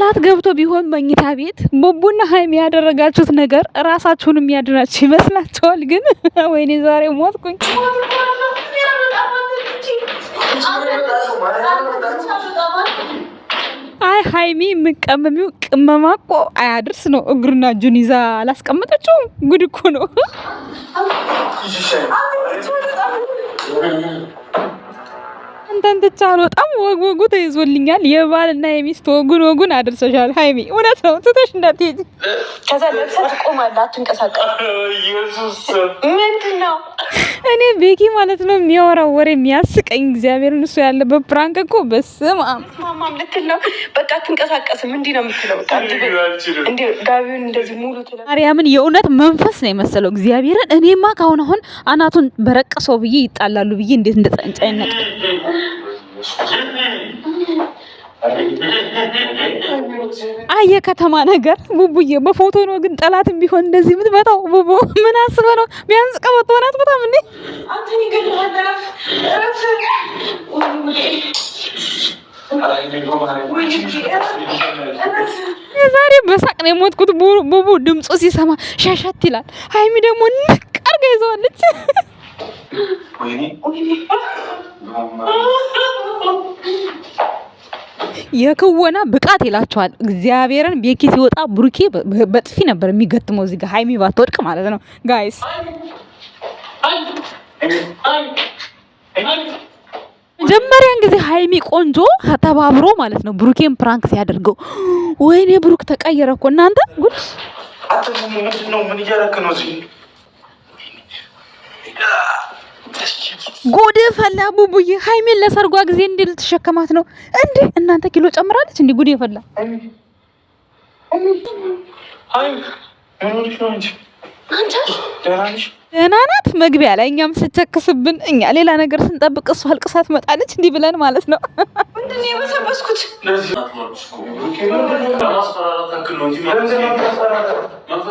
ላት ገብቶ ቢሆን መኝታ ቤት ቡቡና ሀይሚ ያደረጋችሁት ነገር ራሳችሁን የሚያድናችሁ ይመስላችኋል። ግን ወይኔ ዛሬ ሞትኩኝ። አይ ሀይሚ የምቀመሚው ቅመማ እኮ አያድርስ ነው። እግርና እጁን ይዛ አላስቀመጠችውም። ጉድ እኮ ነው። ተንትቻ አልወጣም። ወግ ወጉ ተይዞልኛል። የባልና የሚስት ወጉን ወጉን አድርሰሻል ሀይሚ። እውነት ነው ትተሽ እንዳትሄጂ። ከዛ ለብሰህ ትቆማለህ፣ አትንቀሳቀስም። ምንድን ነው እኔ ቤኪ ማለት ነው የሚያወራው ወሬ የሚያስቀኝ እግዚአብሔርን። እሱ ያለበት ፕራንክ እኮ በስመ አብ ልትል ነው። በቃ አትንቀሳቀስም፣ እንዲህ ነው የምትለው። ጋቢውን እንደዚህ ሙሉ ማርያምን፣ የእውነት መንፈስ ነው የመሰለው እግዚአብሔርን። እኔማ ካሁን አሁን አናቱን በረቀሰው ብዬ ይጣላሉ ብዬ እንዴት እንደተጨነቀ አየ ከተማ ነገር ቡቡዬ በፎቶ ነው ግን ጠላትም ቢሆን እንደዚህ የምትመጣው ቡቡ ምን አስበ ነው? ቢያንስ ቀበቶ ናት። በጣም እንዴ የዛሬ በሳቅ ነው የሞትኩት። ቡቡ ድምፁ ሲሰማ ሻሻት ይላል። ሀይሚ ደግሞ ንቅ አርጋ ይዘዋለች። የክወና ብቃት ይላቸዋል። እግዚአብሔርን ቤኪ ሲወጣ ብሩኬ በጥፊ ነበር የሚገጥመው። እዚህ ጋር ሀይሚ ባትወድቅ ማለት ነው ጋይስ መጀመሪያን ጊዜ ሀይሚ ቆንጆ ተባብሮ ማለት ነው ብሩኬን ፕራንክ ሲያደርገው፣ ወይኔ ብሩክ ተቀየረ እኮ እናንተ ጉድ ጉድ ፈላ ቡቡዬ ሀይሜን ለሰርጓ ጊዜ እንዴ ልትሸከማት ነው እንዴ እናንተ ኪሎ ጨምራለች እንዴ ጉድ ፈላ አንቺ ደህና ናት። መግቢያ ላይ እኛም ስቸክስብን እኛ ሌላ ነገር ስንጠብቅ እሷ አልቅሳ ትመጣለች እንዲህ ብለን ማለት ነው።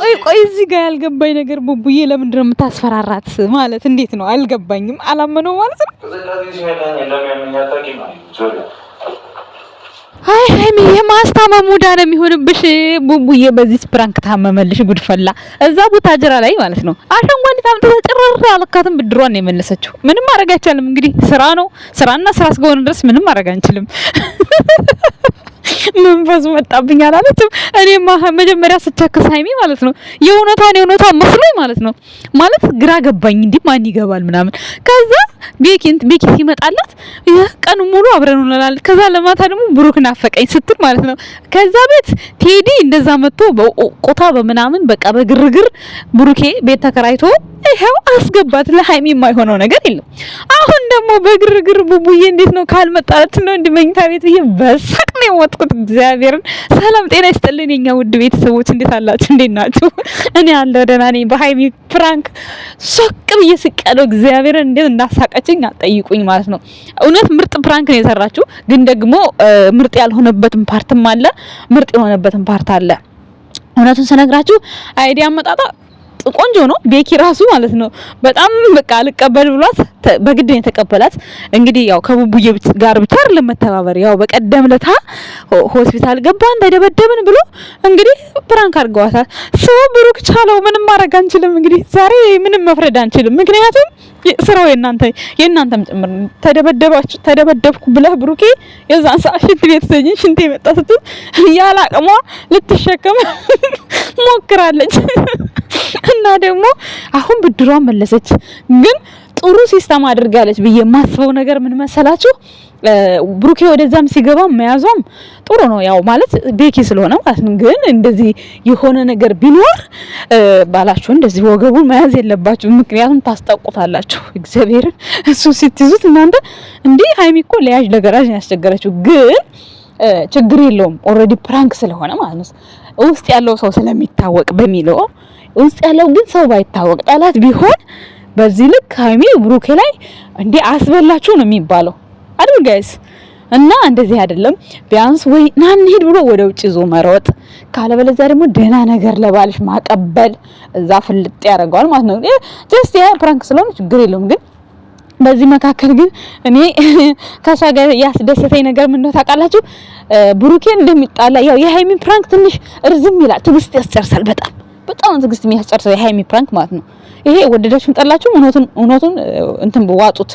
ቆይ ቆይ፣ እዚህ ጋር ያልገባኝ ነገር ቡቡዬ ለምንድን ነው የምታስፈራራት? ማለት እንዴት ነው አልገባኝም። አላመነው ማለት ነው አይ ሀይሚ የማስታመሙ ዳ ነው የሚሆንብሽ። ቡቡዬ በዚህ ስፕራንክ ታመመልሽ ጉድፈላ። እዛ ቦታ ቡታጅራ ላይ ማለት ነው አሸንጓኒ ታምጥታ ጭራራ አልካትም። ብድሯን ነው የመለሰችው። ምንም ማድረግ አይቻልም። እንግዲህ ስራ ነው ስራና ስራ እስከሆነ ድረስ ምንም ማድረግ አንችልም። መንፈስ መጣብኝ አላለችም። እኔ መጀመሪያ ስቸክስ ሀይሚ ማለት ነው የእውነቷን የእውነቷ መስሎኝ ማለት ነው ማለት ግራ ገባኝ። እንዲህ ማን ይገባል ምናምን። ከዛ ቤኪንት ቤኪ ሲመጣላት ቀኑ ሙሉ አብረን ሆነናል። ከዛ ለማታ ደግሞ ብሩክ ናፈቀኝ ስትል ማለት ነው። ከዛ ቤት ቴዲ እንደዛ መጥቶ ቆታ በምናምን በቃ በግርግር ብሩኬ ቤት ተከራይቶ ይኸው አስገባት። ለሀይሚ የማይሆነው ነገር የለም። አሁን ደግሞ በግርግር ቡቡዬ እንዴት ነው ካልመጣለት ነው እንደ መኝታ ቤት ብዬ በሳቅ ነው የሞትኩት። እግዚአብሔርን ሰላም ጤና ይስጥልን የኛ ውድ ቤተሰቦች፣ እንዴት አላችሁ? እንዴት ናችሁ? እኔ አለሁ ደህና ነኝ። በሀይሚ ፕራንክ ሶቅ ብዬ ስቅ ያለው እግዚአብሔርን እንዴት እንዳሳቀችኝ አጠይቁኝ ማለት ነው። እውነት ምርጥ ፕራንክ ነው የሰራችሁ፣ ግን ደግሞ ምርጥ ያልሆነበትን ፓርትም አለ፣ ምርጥ የሆነበትን ፓርት አለ። እውነቱን ስነግራችሁ አይዲያ አመጣጣ ቆንጆ ነው። ቤኪ ራሱ ማለት ነው በጣም በቃ አልቀበል ብሏት በግድ ነው የተቀበላት። እንግዲህ ያው ከቡቡዬ ጋር ብቻ አይደለም መተባበር ያው በቀደም ለታ ሆስፒታል ገባ እንዳይደበደብን ብሎ እንግዲህ ፕራንክ አድርገዋታል። ሰው ብሩክ ቻለው ምንም ማድረግ አንችልም። እንግዲህ ዛሬ ምንም መፍረድ አንችልም፣ ምክንያቱም ስራው የናንተ የናንተም ጭምር ተደበደባችሁ ተደበደብኩ ብለህ ብሩኬ የዛን ሰዓት ሽንት ቤት ሰኝ ሽንት የመጣ ስትል ያላቅሟ ልትሸከም ሞክራለች። እና ደግሞ አሁን ብድሯን መለሰች። ግን ጥሩ ሲስተም አድርጋለች ብዬ የማስበው ነገር ምን መሰላችሁ? ብሩኬ ወደዛም ሲገባ መያዟም ጥሩ ነው። ያው ማለት ቤኪ ስለሆነ ማለት ነው። ግን እንደዚህ የሆነ ነገር ቢኖር ባላችሁ እንደዚህ ወገቡን መያዝ የለባችሁ። ምክንያቱም ታስጠቁታላችሁ። እግዚአብሔርን እሱ ሲትይዙት እናንተ እንዲህ ሀይሚ እኮ ለያዥ ለገራዥ ያስቸገረችው ግን ችግር የለውም ኦልሬዲ ፕራንክ ስለሆነ ማለት ነው። ውስጥ ያለው ሰው ስለሚታወቅ በሚለው ውስጥ ያለው ግን ሰው ባይታወቅ ጠላት ቢሆን በዚህ ልክ ሀይሚ ብሩኬ ላይ እንዴ አስበላችሁ ነው የሚባለው አይደል ጋይስ? እና እንደዚህ አይደለም። ቢያንስ ወይ ና እንሂድ ብሎ ወደ ውጭ ይዞ መሮጥ፣ ካለበለዚያ ደግሞ ደህና ነገር ለባልሽ ማቀበል እዛ ፍልጥ ያደርገዋል ማለት ነው። ጀስት ያ ፕራንክ ስለሆነ ችግር የለውም ግን በዚህ መካከል ግን እኔ ከሷ ጋር ያስደሰተኝ ነገር ምን ነው ታውቃላችሁ? ብሩኬ እንደሚጣላ ያው የሀይሚን ፕራንክ ትንሽ እርዝም ይላል፣ ትግስት ያስጨርሳል በጣም በጣም ትግስት የሚያስጨርሰው የሀይሚ ፕራንክ ማለት ነው። ይሄ ወደዳችሁም ጠላችሁ እውነቱን እውነቱን እንትን ዋጡት።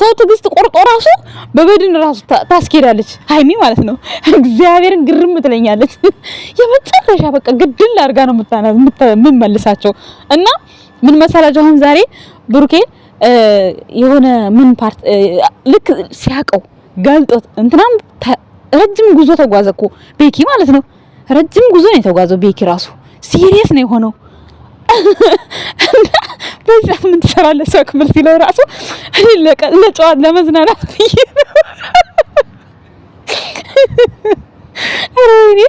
ሰው ትግስት ቆርጦ ራሱ በበድን ራሱ ታስኬዳለች ሀይሚ ማለት ነው። እግዚአብሔርን ግርም ትለኛለች። የመጨረሻ በቃ ግድል አድርጋ ነው የምመልሳቸው እና ምን መሰላችሁ አሁን ዛሬ ብሩኬ የሆነ ምን ፓርት ልክ ሲያቀው ገልጦት እንትናም ረጅም ጉዞ ተጓዘ እኮ ቤኪ ማለት ነው። ረጅም ጉዞ ነው የተጓዘው ቤኪ ራሱ ሲሪየስ ነው የሆነው። በዛ ምን ትሰራለህ ሰው ክፍል ሲለው ራሱ ለጨዋት ለመዝናናት ብዬ እኔ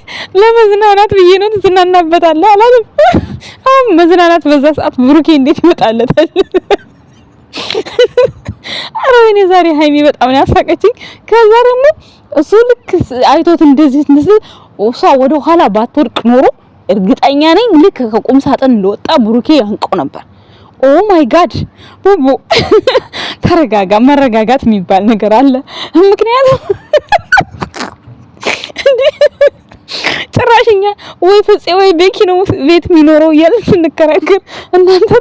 ለመዝናናት ብዬ ነው። ትዝናናበታለህ አላለም። አሁን መዝናናት በዛ ሰዓት ብሩኬ እንዴት ይመጣለታል? አረ እኔ ዛሬ ሀይሚ በጣም ነው ያሳቀችኝ። ከዛ ደግሞ እሱ ልክ አይቶት እንደዚህ እሷ ወደ ኋላ ባትወድቅ ኖሮ እርግጠኛ ነኝ ልክ ከቁም ሳጥን ለወጣ ብሩኬ ያንቀው ነበር። ኦ ማይ ጋድ ቡቡ ተረጋጋ። መረጋጋት የሚባል ነገር አለ። ምክንያቱም ጭራሽኛ ወይ ፍፄ ወይ ቤኪ ነው ቤት የሚኖረው እያልን ስንከራከር እናንተ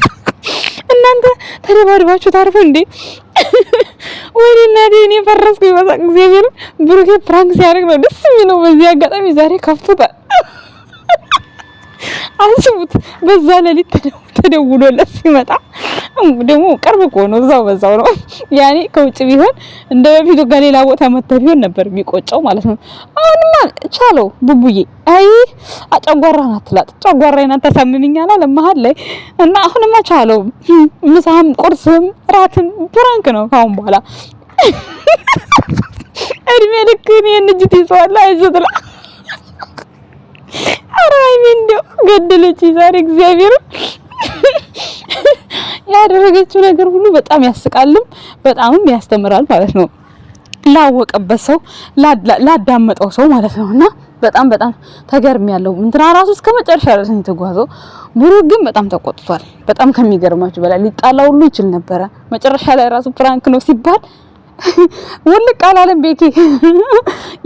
እናንተ ተደባድባችሁ ታርፉ እንዴ? ወይኔ እናቴ እኔ ፈረስኩ። ይበዛ እግዚአብሔር ብሩኬ ፕራንክ ሲያደርግ ነው ደስ የሚለው። በዚህ አጋጣሚ ዛሬ ከፍቶታል። አስቡት። በዛ ሌሊት ተደውሎለት ሲመጣ ደግሞ ቅርብ እኮ ነው፣ እዛው በዛው ነው። ያኔ ከውጭ ቢሆን እንደ በፊቱ ከሌላ ቦታ መጥተህ ቢሆን ነበር የሚቆጨው ማለት ነው። አሁንማ ቻለው ቡቡዬ። አይ አጨጓራን አትላጥ፣ ጨጓራዬን አታሳምሚኛል አለ መሀል ላይ እና አሁንማ ቻለው። ምሳም ቁርስም ራትም ፕራንክ ነው ካሁን በኋላ እድሜ ልክን ይህን እጅት ይዘዋል አይዘትላ አራሚ እንደው ገደለች ዛሬ እግዚአብሔር ያደረገችው ነገር ሁሉ በጣም ያስቃልም በጣምም ያስተምራል ማለት ነው። ላወቀበት ሰው ላዳመጠው ሰው ማለት ነው። እና በጣም በጣም ተገርም ያለው እንትና ራሱ እስከ መጨረሻ ድረስ የተጓዘው ብሩክ ግን በጣም ተቆጥቷል። በጣም ከሚገርማችሁ በላይ ሊጣላ ሁሉ ይችል ነበረ። መጨረሻ ላይ ራሱ ፕራንክ ነው ሲባል ውልቅ አላለም ቤኪ።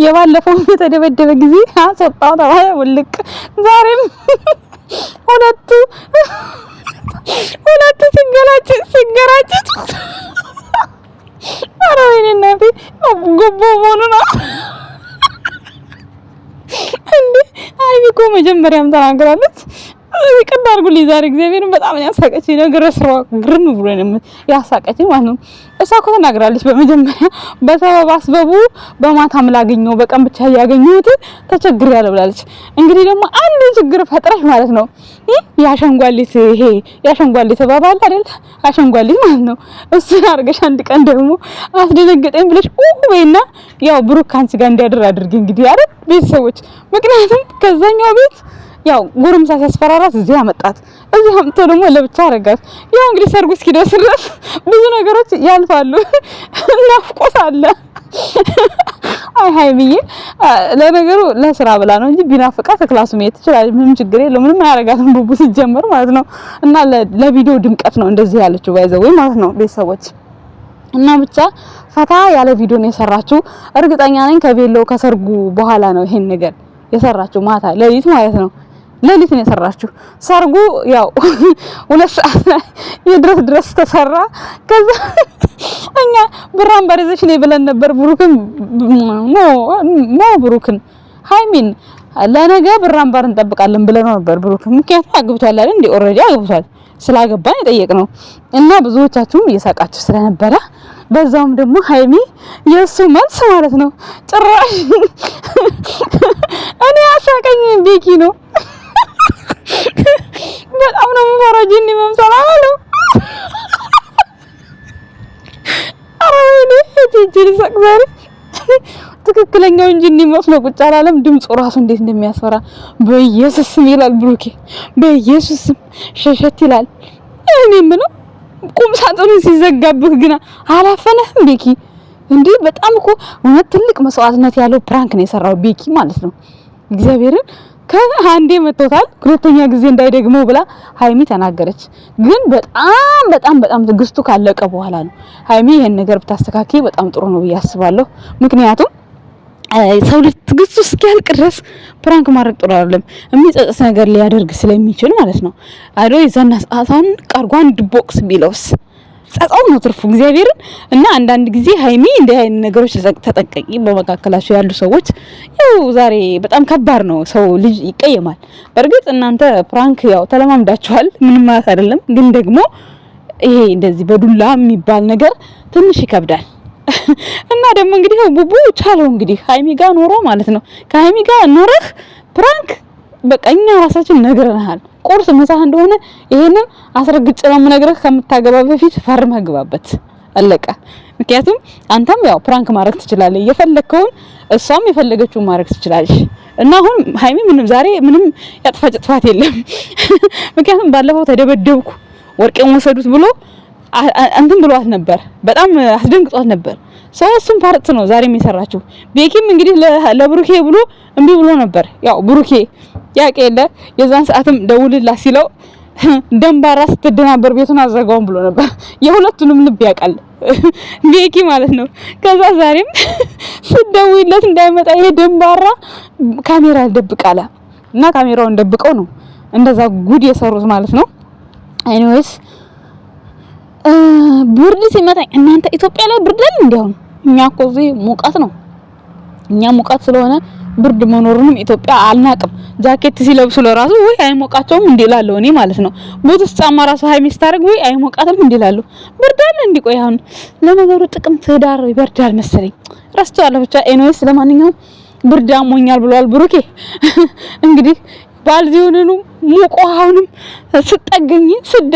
የባለፈው በተደበደበ ጊዜ አሰጣው ተባለ ውልቅ። ዛሬም ሁለቱ ሁለቱ ሲገላጭ ሲገራጭ ኧረ ወይኔ እናቴ ጉቦ መሆኑ ነው እንዴ? አይቢ እኮ መጀመሪያም ተናግራለች። ይቅርታ አድርጉልኝ። ዛሬ እግዚአብሔርን በጣም ያሳቀች ነገር ስራ ግርም ብሎ ያሳቀች ማለት ነው። እሷ እኮ ተናግራለች። በመጀመሪያ በሰበብ አስበቡ በማታም ላገኘው በቀን ብቻ ተቸግር ያለ ብላለች። እንግዲህ ደግሞ አንድ ችግር ፈጥረሽ ማለት ነው የአሸንጓሊት ይሄ የአሸንጓሊት እባብ አለ አይደል? አሸንጓሊት ማለት ነው። እሱን አድርገሽ አንድ ቀን ደግሞ አስደነገጠኝ ብለሽ ኡ በይና ያው ብሩክ ካንቺ ጋር እንዲያድር አድርጊ እንግዲህ አይደል ቤተሰቦች። ምክንያቱም ከዛኛው ቤት ያው ጉርምሳ ሲያስፈራራት እዚህ አመጣት፣ እዚህ አምጥቶ ደግሞ ለብቻ አረጋት። ያው እንግዲህ ሰርጉ እስኪደርስ ድረስ ብዙ ነገሮች ያልፋሉ። ናፍቆት አለ። አይ ሀይ ብዬ ለነገሩ ለስራ ብላ ነው እንጂ ቢናፍቃት ክላሱ መሄድ ትችላለች። ምንም ችግር የለው። ምንም አያረጋትም ቡቡ ሲጀመር ማለት ነው። እና ለቪዲዮ ድምቀት ነው እንደዚህ ያለችው ባይዘው ማለት ነው ቤተሰቦች እና ብቻ ፈታ ያለ ቪዲዮ ነው የሰራችው። እርግጠኛ ነኝ ከቤሎ ከሰርጉ በኋላ ነው ይሄን ነገር የሰራችው ማታ ሌሊት ማለት ነው። ሌሊት ነው የሰራችሁ። ሰርጉ ያው ሁለት ሰዓት የድረስ ድረስ ተሰራ። ከዛ እኛ ብራን ባሪዘሽ ነው ብለን ነበር። ብሩክን ኖ ኖ ብሩክን ሃይሚን ለነገ ብራን ባር እንጠብቃለን ብለነው ነበር። ብሩክን ምክንያቱም አግብቷል አይደል እንዴ? ኦልሬዲ አግብቷል። ስላገባን ነው እና ብዙዎቻችሁም እየሳቃችሁ ስለነበረ በዛውም ደግሞ ሃይሚ የእሱ መልስ ማለት ነው ጭራሽ እኔ አሳቀኝ ቢኪ ነው በጣም ነው የምፈራው ጂኒ መምሰል አሉ። ኧረ ወይኔ ጂኒ ሰቅዘሪ ትክክለኛውን ጂኒ መስሎ ቁጭ አላለም። ድምፁ ራሱ እንዴት እንደሚያስፈራ በኢየሱስ ስም ይላል ብሩኬ፣ በኢየሱስ ስም ሸሸት ይላል። እኔ የምለው ቁም ሳጥኑን ሲዘጋብህ ግና አላፈነህም ቤኪ? እንዲህ በጣም እኮ እውነት ትልቅ መስዋዕትነት ያለው ፕራንክ ነው የሰራው ቤኪ ማለት ነው እግዚአብሔርን ከአንዴ መቶታል ሁለተኛ ጊዜ እንዳይደግመው ብላ ሀይሚ ተናገረች። ግን በጣም በጣም በጣም ትግስቱ ካለቀ በኋላ ነው። ሀይሚ ይሄን ነገር ብታስተካክይ በጣም ጥሩ ነው ብዬ አስባለሁ። ምክንያቱም ሰው ልጅ ትግስቱ እስኪያልቅ ድረስ ፕራንክ ማድረግ ጥሩ አይደለም፣ የሚጸጽስ ነገር ሊያደርግ ስለሚችል ማለት ነው። አይዶ የዛና ሰዓቷን ቀርጓን ድቦቅስ ቢለውስ ጸጸው ነው ትርፉ እግዚአብሔርን እና አንዳንድ ጊዜ ሀይሚ እንደ አይነት ነገሮች ተጠንቀቂ። በመካከላቸው ያሉ ሰዎች ያው ዛሬ በጣም ከባድ ነው። ሰው ልጅ ይቀየማል። በእርግጥ እናንተ ፕራንክ ያው ተለማምዳችኋል፣ ምንም ማለት አይደለም። ግን ደግሞ ይሄ እንደዚህ በዱላ የሚባል ነገር ትንሽ ይከብዳል። እና ደግሞ እንግዲህ ቡቡ ቻለው እንግዲህ ሀይሚ ጋር ኖሮ ማለት ነው ከሀይሚ ጋር ኖረህ ፕራንክ በቃ እኛ ራሳችን ነግረናል። ቁርስ ምሳህ እንደሆነ ይሄንን አስረግጬ ነው የምነግርህ። ከምታገባ በፊት ፈርመህ ግባበት። አለቀ። ምክንያቱም አንተም ያው ፕራንክ ማድረግ ትችላለህ እየፈለግከውን፣ እሷም የፈለገችውን ማድረግ ትችላለች። እና አሁን ሀይሚ ምንም ዛሬ ምንም ያጥፋጭ ጥፋት የለም። ምክንያቱም ባለፈው ተደበደብኩ ወርቄን ወሰዱት ብሎ እንትን ብሏት ነበር። በጣም አስደንግጧት ነበር። ሰው እሱም ፓርት ነው ዛሬም የሰራችው። ቤኪም እንግዲህ ለብሩኬ ብሎ እምቢ ብሎ ነበር። ያው ብሩኬ ያቄ የለ የዛን ሰዓትም ደውልላት ሲለው ደንባራ ስትደናበር ቤቱን አዘጋውን ብሎ ነበር። የሁለቱንም ልብ ያውቃል ቤኪ ማለት ነው። ከዛ ዛሬም ስደውይለት እንዳይመጣ ይሄ ደንባራ ካሜራ ደብቃለ እና ካሜራውን ደብቀው ነው እንደዛ ጉድ የሰሩት ማለት ነው። ኤኒዌይስ ብርድ ሲመጣኝ እናንተ ኢትዮጵያ ላይ ብርድ ላይ እንዲያውም እኛ እኮ እዚህ ሙቀት ነው። እኛ ሙቀት ስለሆነ ብርድ መኖሩንም ኢትዮጵያ አልናቅም። ጃኬት ሲለብሱ ለራሱ ወይ አይሞቃቸውም እንዲላለሁ እኔ ማለት ነው። ቡትስ ጫማ ራሱ ሀይ ሚስታርግ ወይ አይሞቃትም እንዲላለሁ። ብርድ አለ እንዲቆይ አሁን ለነገሩ ጥቅምት ህዳር ይበርዳል መሰለኝ አለ ብቻ ኤንዌስ ለማንኛውም ብርድ አሞኛል ብሏል ብሩኬ። እንግዲህ ባልዚዮንኑ ሙቆ አሁንም ስጠገኝ ስደ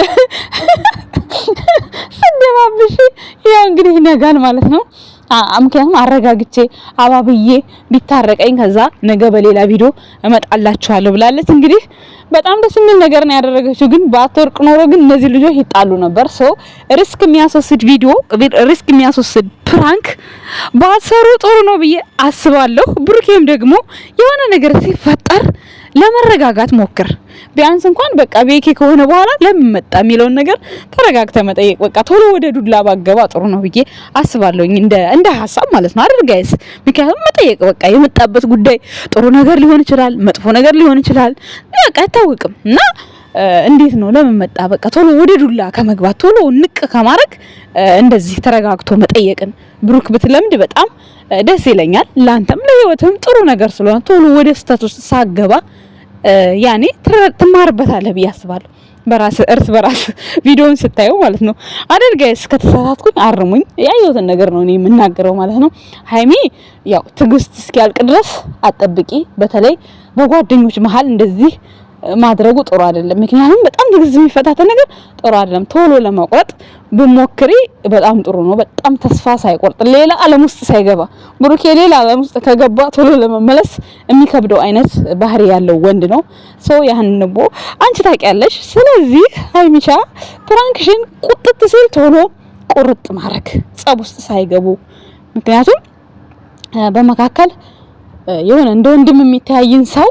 ስደባብሽ ያ እንግዲህ ነጋን ማለት ነው። ምክንያቱም አረጋግቼ አባብዬ ቢታረቀኝ ከዛ ነገ በሌላ ቪዲዮ እመጣላችኋለሁ ብላለች። እንግዲህ በጣም ደስ የሚል ነገር ነው ያደረገችው። ግን ባትወርቅ ኖሮ ግን እነዚህ ልጆች ይጣሉ ነበር። ሶ ሪስክ የሚያስወስድ ቪዲዮ፣ ሪስክ የሚያስወስድ ፕራንክ ባሰሩ ጥሩ ነው ብዬ አስባለሁ። ብሩኬም ደግሞ የሆነ ነገር ሲፈጠር ለመረጋጋት ሞክር። ቢያንስ እንኳን በቃ ቤኬ ከሆነ በኋላ ለምን መጣ የሚለውን ነገር ተረጋግተ መጠየቅ በቃ ቶሎ ወደ ዱላ ባገባ ጥሩ ነው ብዬ አስባለሁኝ። እንደ እንደ ሀሳብ ማለት ነው አድርጋይስ። ምክንያቱም መጠየቅ በቃ የመጣበት ጉዳይ ጥሩ ነገር ሊሆን ይችላል፣ መጥፎ ነገር ሊሆን ይችላል፣ በቃ አይታወቅም እና እንዴት ነው ለምን መጣ? በቃ ቶሎ ወደ ዱላ ከመግባት ቶሎ ንቅ ከማድረግ እንደዚህ ተረጋግቶ መጠየቅን ብሩክ ብትለምድ በጣም ደስ ይለኛል። ለአንተም ለህይወትም ጥሩ ነገር ስለሆነ ቶሎ ወደ ስህተት ውስጥ ሳገባ ያኔ ትማርበታለህ ብዬ አስባለሁ። በራስ እርስ በራስ ቪዲዮን ስታዩ ማለት ነው አደል ጋይስ። ከተሳሳትኩኝ አርሙኝ፣ ያየሁትን ነገር ነው እኔ የምናገረው ማለት ነው። ሀይሚ ያው ትግስት እስኪያልቅ ድረስ አጠብቂ። በተለይ በጓደኞች መሀል እንደዚህ ማድረጉ ጥሩ አይደለም። ምክንያቱም በጣም ጊዜ የሚፈታተን ነገር ጥሩ አይደለም። ቶሎ ለመቁረጥ ብሞክሪ በጣም ጥሩ ነው። በጣም ተስፋ ሳይቆርጥ ሌላ ዓለም ውስጥ ሳይገባ ብሩኬ ሌላ ዓለም ውስጥ ከገባ ቶሎ ለመመለስ የሚከብደው አይነት ባህሪ ያለው ወንድ ነው። ሶ ያህን ንቦ አንቺ ታውቂያለሽ። ስለዚህ ሀይሚሻ ፕራንክሽን ቁጥጥ ሲል ቶሎ ቁርጥ ማድረግ ጸብ ውስጥ ሳይገቡ ምክንያቱም በመካከል የሆነ እንደ ወንድም የሚተያይን ሰው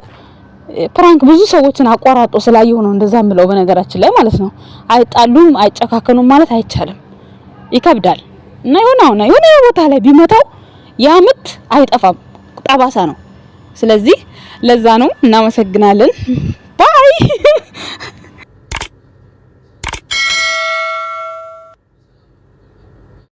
ፕራንክ ብዙ ሰዎችን አቋራጦ ስላየሁ ነው እንደዛ ምለው። በነገራችን ላይ ማለት ነው አይጣሉም አይጨካከኑም ማለት አይቻልም፣ ይከብዳል። እና የሆነ አሁን የሆነ ቦታ ላይ ቢመታው ያ ምት አይጠፋም፣ ጠባሳ ነው። ስለዚህ ለዛ ነው። እናመሰግናለን ባይ